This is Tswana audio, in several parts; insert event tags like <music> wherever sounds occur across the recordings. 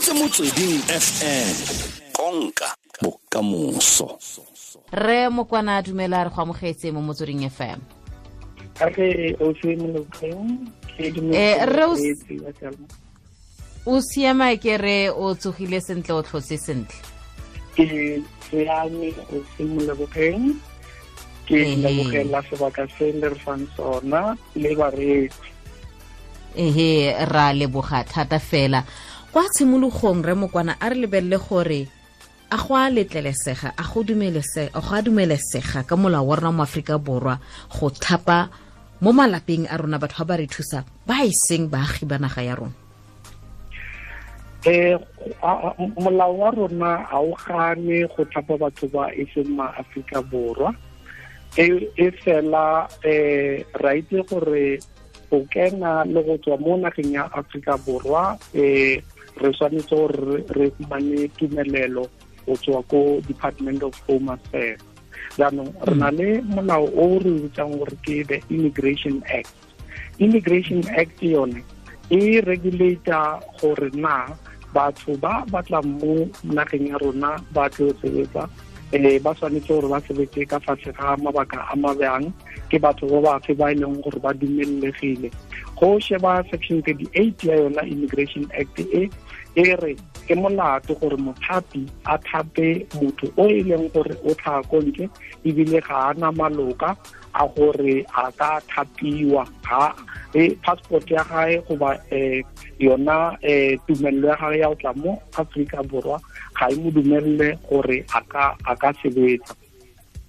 tobeditse motsweding fm konka bokamoso re mokwana a dumela re go amogetse mo motsweding fm eh, o siama ke re o tsogile sentle o tlhotse sentle ke siame o simolobokeng sona le bareetsi ehe ra leboga thata fela kwa tshimologong re mokwana a re lebelele gore a go a letlelesega a go a dumelesega ka molao wa rona mo aforika borwa go thapa mo malapeng a rona batho ba ba re thusa ba e seng baagi ba naga ya rona um molao wa rona ga o gane go thapa batho ba e seng maaforika borwa e, e fela um ra itse gore go kena le go tswa mo nageng ya aforika borwa um re tshwanetse gore re fumane tumelelo go tswa ko department of home affairs jaanong re na le molao o re utsang gore ke the immigration act immigration act yone e regulator gore na batho ba batlang mo nageng ya rona ba tlo sebetsa um ba tshwanetse gore ba sebetse ka fatshe ga mabaka a mabjang ke batho ba bafe ba e leng gore ba dumellegile go sheba section 38 ya yona immigration act e e re ke molato gore mothapi a thape motho o e leng gore o tlhaga kontle ebile ga a na maloka a gore a ka thapiwa ga e passport ya gae goba um eh, yona um tumelelo ya gae ya o tla mo aforika borwa ga e mo dumelele gore a ka sebetsa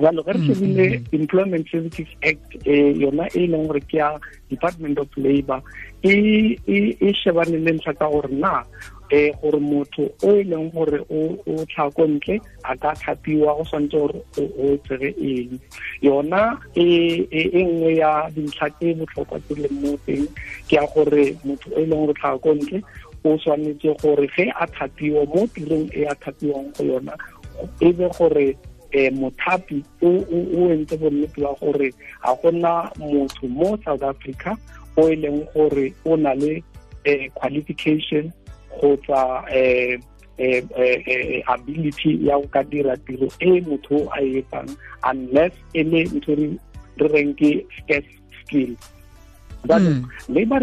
jalo ge re mm-hmm. shebile employment services act eh, yona e leng gore ke ya department of labour e, e, e shebane le ntlha ka gore na e gore motho o e leng gore o tlhakontle a ka thapiwa go tshwanetse gore o tsere eng yona e, e, e nngwe ya dintlha tse botlhokwa tse leng mo teng ke ya gore motho o e leng gore tlhakontle o tshwanetse gore ge a thapiwa mo tirong e a thapiwang go yona e be gore eh mothapi o entse bonnete wa gore ga gona motho mo south africa o e leng gore o na le eh, qualification kgotsa um eh, eh, eh, ability ya go ka dira tiro e motho a e etsang unless e le ntho re reng ke scarce skill but mm.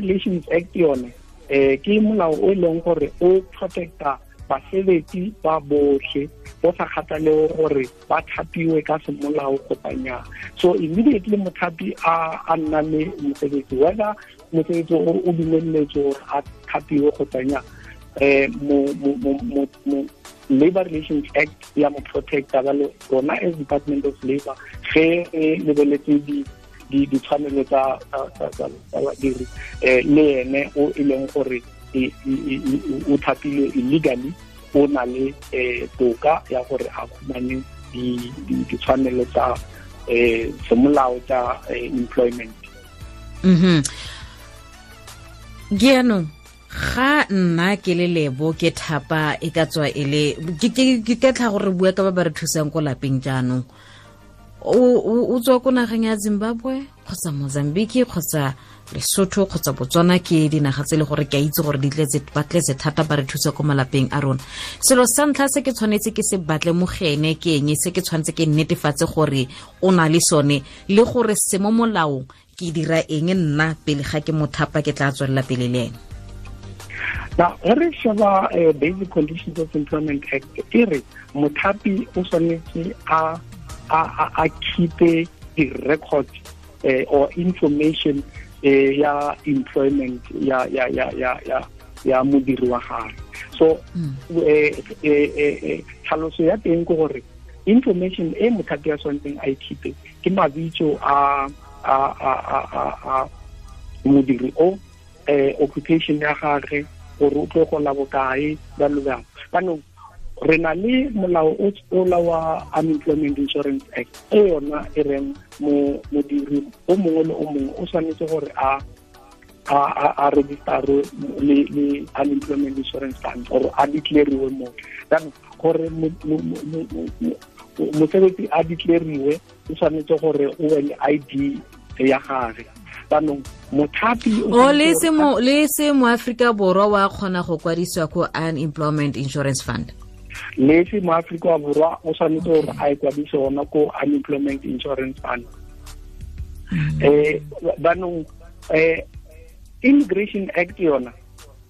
relations act yone um ke molao o e leng gore o protecta basebetsi ba botlhe bo sa kgathaleo gore ba thapiwe ka semolao kopanya so immediately mothapi a a nna le mosebetsi whether mosebetsi o o dumeletse gore a thapiwe kopanya um mo labor relations act ya mo protecta ba rona as department of labor ge re lebeletse ditshwanelo di di tsa badiri eh le ene o e leng gore e, e, e, o thapilwe illegally o na le eh toka ya gore a khumane ditshwanelo tsa um eh, semolao tsa eh, employment mhm mm -hmm. Giano ga nna ke le lebo ke thapa e ka tswa e le ke ka tlha gore bua ka ba ba re thusang ko lapeng jaanong o tswa ko nageng ya zimbabwe kgotsa mozambique kgotsa lesotho kgotsa botswana ke dinaga tse e le gore ke a itse gore ba tletse thata ba re thusa ko malapeng a rona selo sa ntlha se ke tshwanetse ke se batle mogene ke eng se ke tshwanetse ke netefatse gore o na le sone le gore se mo molaong ke dira eng nna pele ga ke mothapa ke tla tswelela pele le ene now ge re sheba eh, basic conditions of employment act e re mothapi o tshwanetse a a di record uh, eh, or information uh, ya employment ya ya ya ya ya ya modiri wa gage so hmm. tlhaloso ya teng ke gore information e mothapi a tshwanetseng a ikhipe e ke mabitso a modiri o occupation ya gage gore o tlo gola bokae jalo jalo kanong re na le molao o la wa unemployment insurance act e yona e reng modiri o mongwe le o mongwe o tshwanetse gore a a a a register le le unemployment insurance fund or a declare mo then gore mosebetsi a declare o tshwanetse gore o be le ID ya gage jaanong mothapi o oh, le se mo le se mo Afrika borwa wa kgona go kwadisiwa ko unemployment insurance fund le se mo Afrika borwa o tshwanetse gore a e kwadise ona ko unemployment insurance fund mm. eh banong eh immigration act yona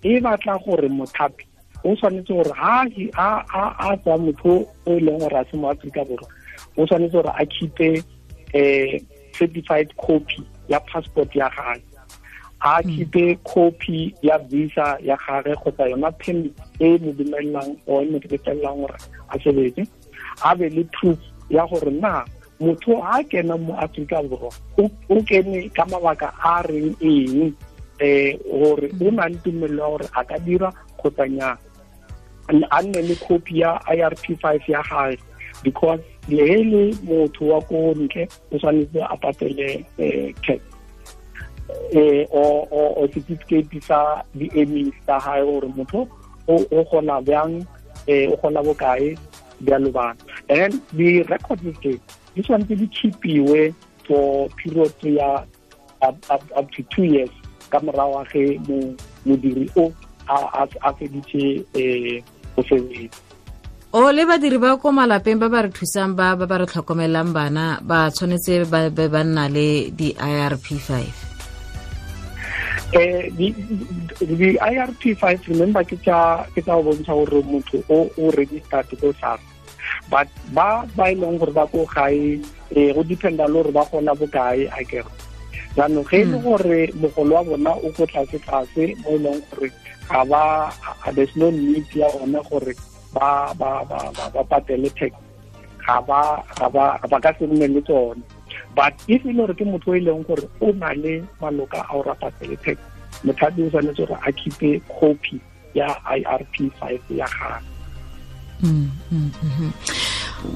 e batla gore mothapi o tshwanetse gore ha a a a tsa motho o e leng gore a se mo Afrika borwa o tshwanetse gore a khipe eh certified copy ya passport ya gagwe a khipe hmm. copy ya visa ya gage kgotsa yona permit e mo dumelelang o e mo dumelelang gore a sebetse a be le proof ya gore na motho a kena mo Africa borwa o kene ka mabaka a reng eng eh gore hmm. o na le tumelelo ya gore a ka dira kgotsa nya a nne le copy ya IRP 5 ya gage because le hele motho wa ko ntle o tshwanetse a patele eh tax eh o o o certificate sa di earnings tsa hae gore motho o o gona bjang eh o gona bokae bjalo bana and then the record is ke di tshwanetse di keepiwe for period ya up, up, up to two years ka morago ga ge modiri o a feditse um e, go sebetsa o le badiri ba ko malapeng ba ba re thusang ba ba re tlhokomelang bana ba tshwanetse ba nna le di-irp five eh di IRP 5 remember ke tsa ke tsa go bontsha gore motho o o registered ko SARS but ba ba e leng gore ba ko gae e go dependa le gore ba gona bokae a kere jaanong ge e le gore hmm. mogolo wa bona o ko tlase tlase mo e leng gore ga ba there's no need ya one gore ba ba ba ba patele tax ga ba ga ba ka se nne le tsone but if e le gore ke motho o e leng gore o na le maloka a o rapatselethek mothapi o tshwanetse gore a khipe copy ya i r p five ya gagwe mm, mm, mm.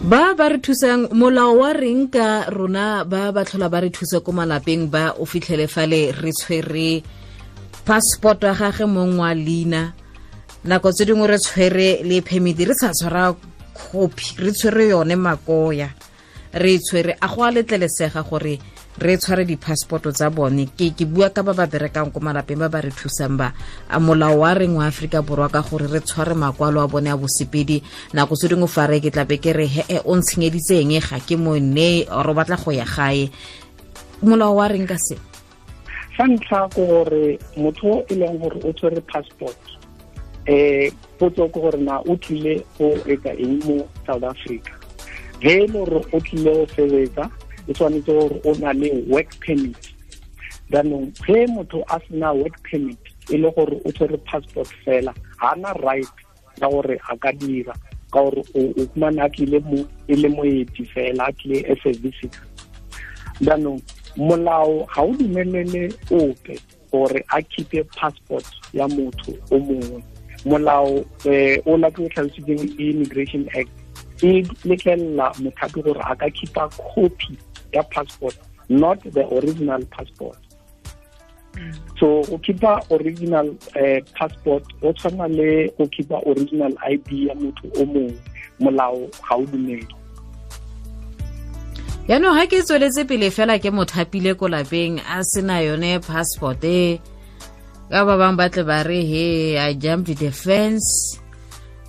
ba ba re thusang molao wa reng ka rona ba ba tlhola ba re thusa ko malapeng ba o fitlhele fale re tshwere passport wa gage mong wa leina nako tse dingwe re tshwere le permit re sa tshwara copy re tshwere yone makoya re tshwere a go a letlelesega gore re tshware di-passport tsa bone ke ke bua ka ba ba berekang ko malapeng ba ba re thusang ba molao wa reng wa aforika borwa ka gore re tshware makwalo a bone a bosepedi nako se dingwe fa re ke tlape ke re hee o ntshenyeditseng ga ke monne o batla go ya gae molao wa reng ka se sa ntlha ko gore motho e leng gore o tshwere passport um potso ke gore na o tlile o etsa eng mo south africa E le re o tlile go sebetsa e tshwanetse gore o na le work permit jaanong ge motho a sena work permit e le gore o tshwere passport fela ga na right ya gore a ka dira ka gore o kumane a tlile mo e le moeti fela a tlile as a visitor jaanong molao ga o dumelele ope gore a a passport ya motho o mongwe molao um o late o tlhalositseng immigration act ke letlelela mothapi gore a ka keepa copy ya passport not the original passport so o keepa original uh, passport o tshwana le o keepa original id ya motho o mongwe molao ga o dumele yaanong ga ke tsweletse pele fela ke mothapile ko lapeng a sena yone passport e ka ba bangwe ba tle ba re he i jumped the fence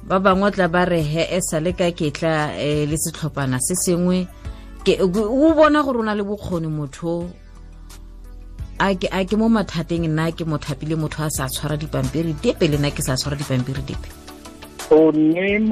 ba bangwe tla ba re he e sa le ka tla um le setlhophana se sengwe o bona gore o na le bokgoni motho a ke mo mathateng nna ke mo thapile motho a sa tshwara dipampiri dipe le nna ke sa tshwara dipampiri dipe o ne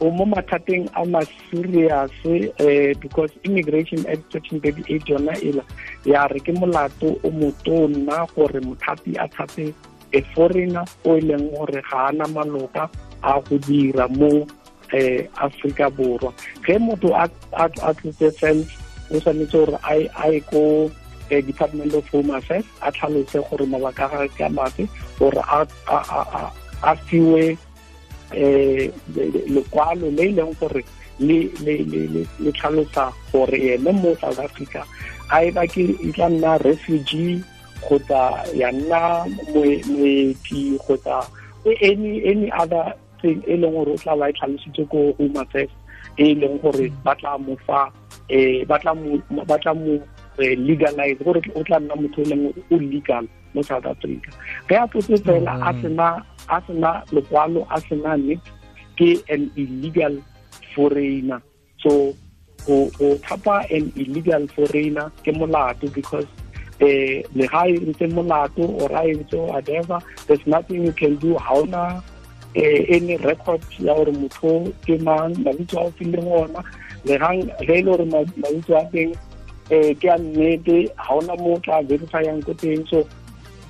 o mo mathateng a ma-serious um because immigration act section thirty eight yona ela ya re ke molato o motona gore mothapi a thape a foreigner o e leng gore ga ana maloka a go dira mo eh Africa borwa ge motho a tlotse fence o tshwanetse gore a ye ko eh, department of home affairs a tlhalose gore mabaka ga mafe gore a fiwe eh, le gore le tlhalosa gore ene mo south africa a e ba ke e tla nna refugee ya nna any any other thing e, e leng gore o tla ba e tlhalositse ko home affairs e leng gore ba tla mo fa eh ba tla mo ba e, legalize gore o tla nna motho e leng o legal mo South Africa ge a tlotse fela a mm. sena a lokwalo a sena net ke an illegal foreigner so go thapa an illegal foreigner ke molato because eh le ga e ntse molato or ha e ntse whatever there's nothing you can do ha ona eh any record ya gore motho ke mang mabitso a o fileng ona le hang le le gore mabitso a teng um ke a nnete ga ona mo tla verifyang ko teng so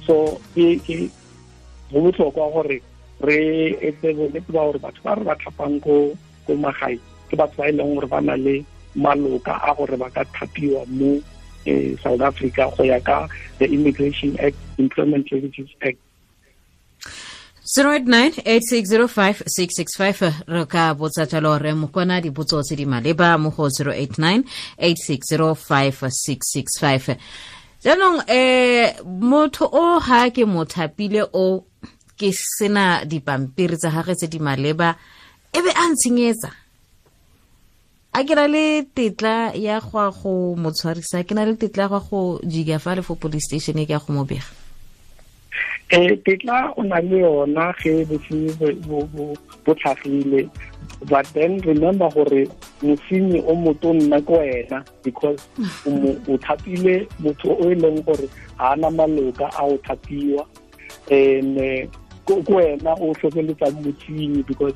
so ke go botlhokwa gore re etse bonnete ba gore batho ba re ba tlhapang ko ko magae ke batho ba e leng gore ba na le maloka a gore ba ka thapiwa mo um South Africa go ya ka the Immigration Act Employment Services Act 089 re ka botsa jalo re mokwana dipotso tse di maleba mo go 089 8605665 jaanong um motho o ha ke mo thapile o ke sena dipampiri tsa gage tse di maleba e be a ntshenyetsa a ke na le tetla ya go a go motshwarisa ke na le tetla ya go a go jika fa le fo police station e ke ya go mo bega e tla o na le yona ge bosenyi bo tlhagile but then remember gore mosenyi o moto nna ke wena because o thapile motho o e leng gore ga a na maloka a o thapiwa and eh, ke wena o tlhokeletsang mosenyi because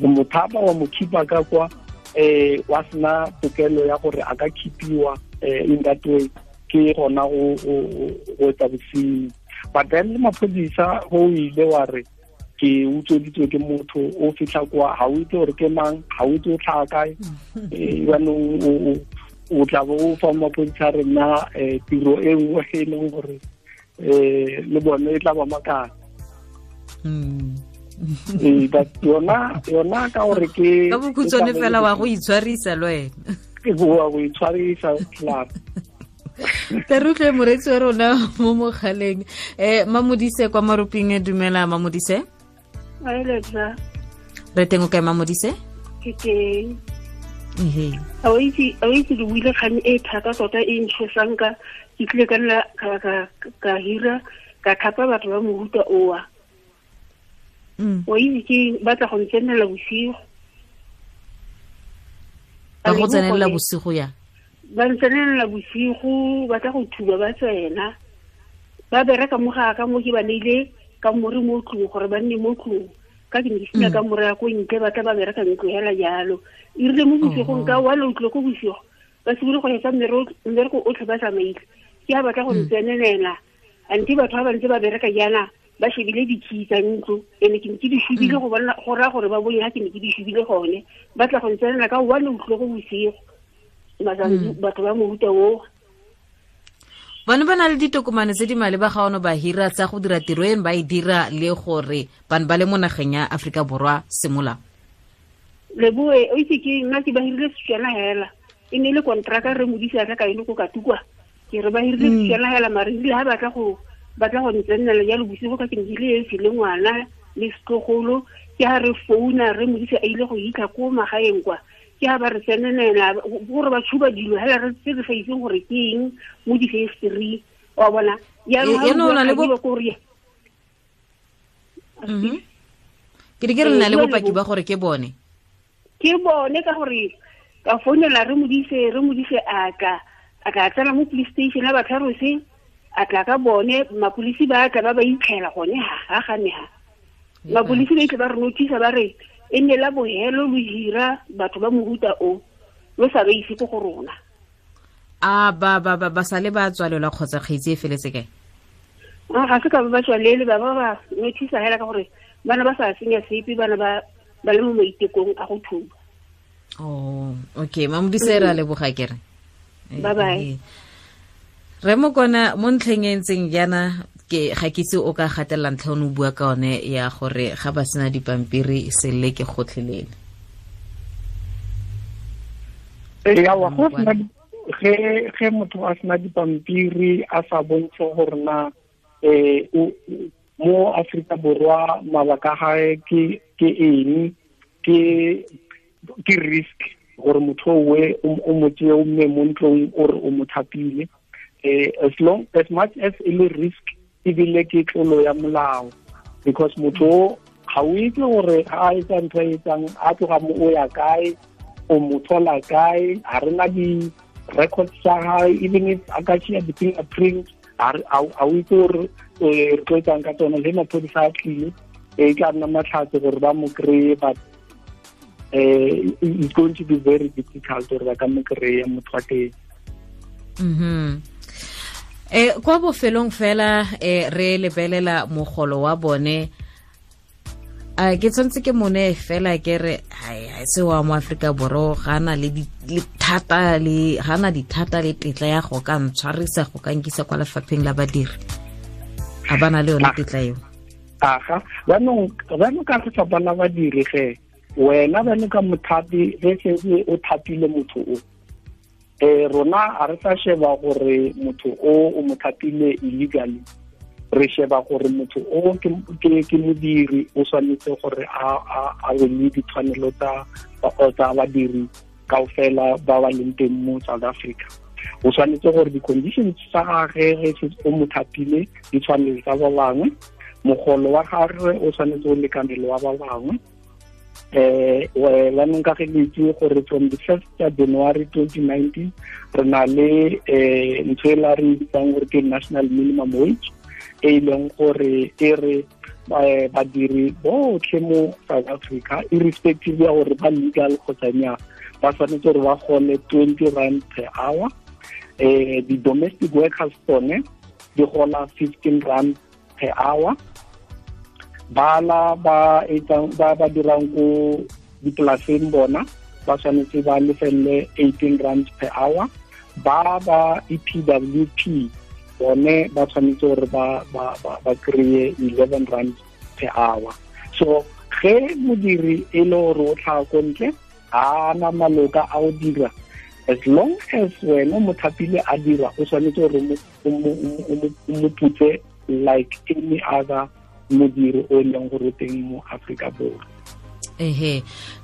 mothapa wa mo khipa ka kwa um wa sena tokelo ya gore a ka khipiwa um in that way ke gona go etsa bosenyi but then le maphodisa go ile wa re ke utsweditswe ke motho o fitlha kwa ga o itse gore ke mang ga o itse o tlhaa kae <laughs> eh, jaanong o tla bo o fa maphodisa re nna um eh, tiro e nngwe e leng gore um eh, le bone e tla ba makana hmm. ee but yona ka gore ke ka bokhutswane fela wa go itshwarisa le wena wa go itshwarisa clap <laughs> <laughs> terutlwe moreetsi wa rona mo mogaleng um mamodise kwa maruping dumela mamodise re teng o kae mamodise a o itse le buile kgang e thata tota e ntshosang ka ke tlile ka nna ka hira ka thapa batho ba mohuta oa mm. o itse ke batla go ntsenela bosigo ba go tsenela bosigo ya ba ntsenelela bosigo ba tla go thuba ba tsena ba bereka mo ga ka mo ke ba neile ka more mo tlong gore ba nne mo tlong ka ke ne ke sina ka mm. more ya ko ntle ba tla ba bereka ntlo hela jalo e rile mo bosigong ka wa utlwe ko bosigo ba simole go etsa mmereko otlhe ba tsamaile ke a batla go mm. ntsenelela ante batho ba bantse ba bereka jana ba shebile dikhi tsa ntlo ene ke ke di shubile mm. go raya gore ba bone ke ne ke di shubile gone ba tla go ntsenela ka one utlwe go bosigo Hmm. batho ba mohuta oo bane ba na le ditokomane tse di maleba ga ono ba hira tsa go dira tiro eno ba e dira le gore bane ba le mo nageng ya aforika borwa semola lebue o itse ke nna ke ba hirile setswana hela e ne e le contraka re modisa ka ka ene ko ka tukwa ke re ba hirile hmm. setswana hela mare rile ga batla go batla go ntsenela jalo bosigo ka ke ne e file le ngwana le setlogolo ke ha re founa re modisa a ile go itlha ko magaeng kwa ke ha ba re tsenenela gore ba dilo hela re se re sa itseng gore ke eng mo di-history wa bona yanongore e ke di nna mhm. le ee, bopaki ba gore ke bone ke bone ka gore ka founela re modise re modise aka a ka tsena mo police station a ba tlharose a tla ka bone mapolisi ba tla ba ba itlhela gone ha ga gane ha ee, mapolisi ba itle ba re notisa ba re e ne la bohelo lo hira batho ba mohuta o lo sa ba ise ko go rona a ba ba ba ba sale ba tswalelwa kgotsa kgaitsi e feletse kae a ga se ka ba ba tswalele ba ba ba nothisa hela ka gore bana ba sa senya sepe bana ba ba le mo maitekong a go thuba oh okay mamodise re a mm-hmm. leboga kere bye bye re mo kona mo ntlheng e ntseng jaana ke ga ke itse o ka gatelela ntlha o ne o bua ka one ya gore ga ba sena dipampiri selele ke gotlhelele ee, yawa ge motho a sena dipampiri a sa bontshe gore na eh mo Afrika borwa mabaka gae ke ke eng ke risk gore motho we o mo o mme mo ntlong ore o mo thapile um as long as much as e le risk ebile ke tlolo ya molao because motho o ga o itse gore a etsa ntho e etsang a tloga mo o ya kae o mo thola kae ga rena di-records tsa gae even if a ka tšhea di-fingerprint ga o itse gore eh, re tlo etsang ka tsone le maphodisa a tlile e ka nna matlhatse gore ba mo kry-e but um eh, it's going to be very difficult gore ba ka mo kry-e motho wa teng mm-hmm. eh kwa bofelong fela eh re lebelela mogolo wa bone a ah, ke tsontse ke mone fela ke re hai se wa mo Africa boro gana le le thata le gana dithata le tetla ya go ka ntshwarisa go ka nkisa kwa lefapheng la badiri a bana le yone ah. tetla eo aga jaanong jaanong ka lefapha la badiri ge wena jaanong ka mothapi re setse o thapile motho o eh rona a re tla sheba gore motho o o mo thapile illegally re sheba gore motho o ke ke modiri o tshwanetse gore a a a le ditshwanelo tsa tsa badiri kaofela ba ba leng teng mo south africa o tshwanetse gore di-conditions tsa gage ge se o mo thapile di tshwanetse tsa ba bangwe mogolo wa gagwe o tshwanetse o lekane wa ba bangwe eh lanong ka ge le gore from the first ya january 2019 re na le um ntho e la re itsang gore ke national minimum wage e e leng gore e re eh, badiri botlhe mo south africa irrespective ya gore ba legal kgotsanya ba tshwanetse gore ba gole twenty rand per hour eh di-domestic workers tsone di gola fifteen rand per hour bala ba ba dirang ko dipolaseng bona ba tshwanetse ba lefelele 18 rand per hour ba ba EPWP bone ba tshwanetse gore ba ba ba ba kry 11 rand per hour so ge modiri e le gore o tlhaga ko ntle a na maloka a o dira as long as wena mothapile a dira o tshwanetse gore o mo putse like any other modiri o leng gore teng mo Africa borwa ehe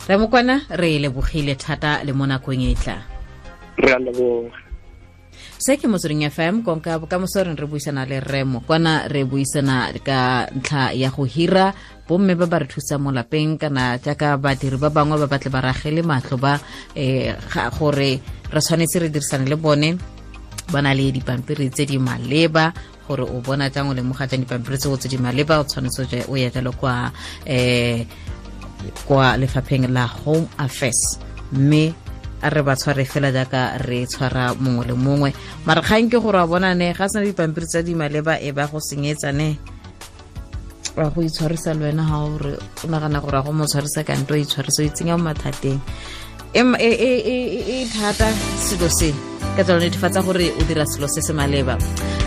re mokwana re lebogile thata le mo nakong e tla re a leboga se ke motsweding fm konka bokamoso re re buisana le remo kwana re buisana ka ntlha ya go hira bomme ba ba re thusa mo lapeng kana jaaka badiri ba bangwe ba batle ba ragele matlho ba um gore re tshwanetse re dirisane le bone ba na le dipampiri tse di maleba gore o bona jang o lemoga jang dipampiri tseo tse di maleba o tshwanetse o ye jalo kwa um kwa lefapheng la home affairs mme re ba tshware fela jaaka re tshwara mongwe le mongwe mare kgang ke gore a bonane ga sena dipampiri tsa di maleba e ba go senyetsane a go itshwarisa le wena ga ore o nagana gore a go mo tshwarisa kanto o itshwarisa o itsenya mo mathateng e, e, e, e thata selo seno ka jalo netefatsa gore o dira selo se se maleba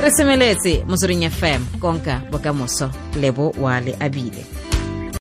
re semeletse motsweding fm konka bokamoso lebo wa le abile